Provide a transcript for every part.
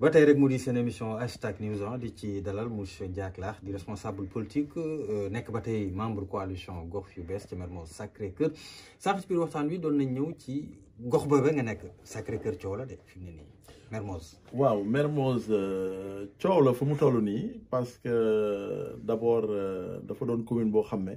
ba tey rek mu di seen émission hashtag news ah, di ci dalal monsieur Diaklar, Lakh di responsable politique euh, nek batay membre coalition gox yu bees Mermoz Sacré-Cœur ça fait biir waxtaan wi doon qui ñëw ci gox nga Sacré-Cœur coow la de fi mu Mermoz. waaw Mermoz euh, coow la fu mu parce que euh, d'abord dafa on commune boo xam ne.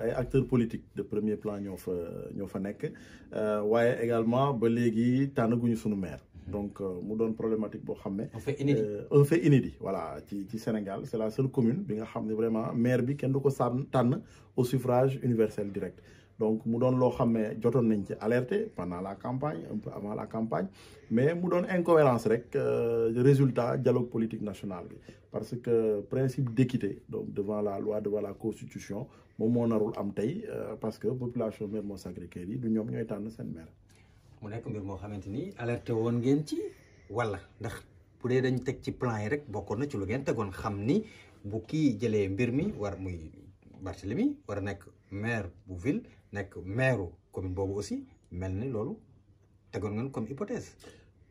ay acteurs politiques de premier plan ñoo fa nek, fa également ba léegi tànnaguñu sunu maire donc euh, mu y problématique pour problématique. Euh, un fait inédit voilà au Sénégal c'est la seule commune bi nga vraiment maire bi a été au suffrage universel direct. donc nous y lo Hamé alerté pendant la campagne un peu avant la campagne mais mu une incohérence le euh, résultat dialogue politique national parce que principe d'équité donc devant la loi devant la constitution a un rôle am parce que population de Sacré-Cœur yi du ñoom maire mu nekk mbir moo xamante ni alerté woon ngeen ci wala ndax bu dee dañ teg ci plan yi rek bokkoon na ci lu ngeen tegoon xam ni bu kii jëlee mbir mi war muy Barthélemy war a nekk maire bu ville nekk maire commune boobu aussi mel ni loolu tegoon ngeen comme hypothèse.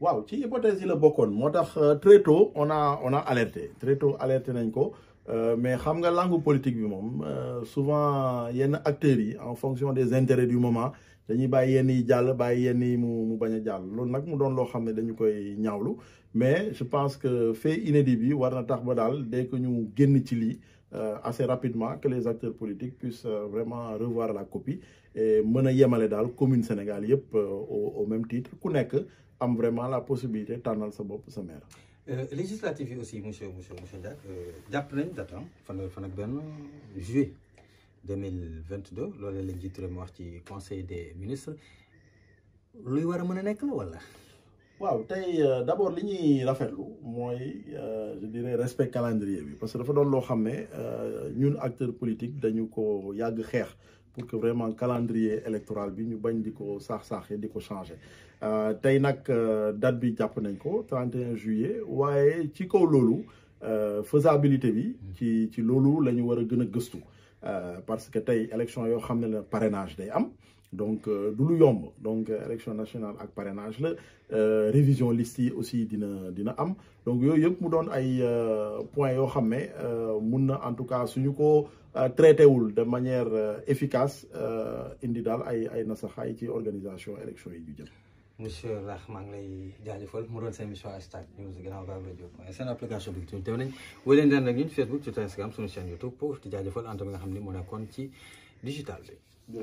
waaw ci hypothèse yi la bokkoon moo tax euh, très tôt ona alerte on a nañ ko. Euh, mais xam nga langue politique bi y euh, souvent yenn acteurs yi en fonction des intérêts du moment dañuy bàyyi yenn yi jall bàyyi yenn yi mu mu bañ a jàll mu doon lo xamné dañu ñaawlu mais je pense que fait inédit bi warna tax ba dès que ñu génn ci li euh, assez rapidement que les acteurs politiques puissent vraiment revoir la copie et mën yemalé dal commune Sénégal au même titre ku nekk am vraiment la possibilité tanal sa bop sa euh, législative aussi monsieur monsieur monsieur euh, d'après hein, juillet 2022 lors conseil des ministres lui, war a a euh, d'abord je dirais respect calendrier parce que dafa doon acteurs politiques. politique pour que vraiment calendrier électoral bi ñu bañ di ko saax-saaxee di ko changé euh, tey nag euh, date bi jàpp nañ ko 31 juillet waaye ci kaw loolu euh, faisabilité bi ci ci loolu la ñu war a gën parce que tey élection yoo xam ne la parrainage day am donc euh, du lu yomb donc euh, élection nationale ak parrainage la euh, révision liste aussi dina dina am donc yoy yëpp mu don ay points yo xamé euh mun en tout cas suñu ko traité wul de manière efficace indi dal ay ay nasaxaay ci organisation élection yi ñu jëm. monsieur Rakh maa ngi lay jaajëfal mu doon seen émission hashtag news gannaaw Babacar C'est une application bi ñu teew nañ wala leen daan ak Facebook Twitter Instagram suñu chaîne YouTube pour di jaajëfal en tant nga xamni mo moo ci digital bi.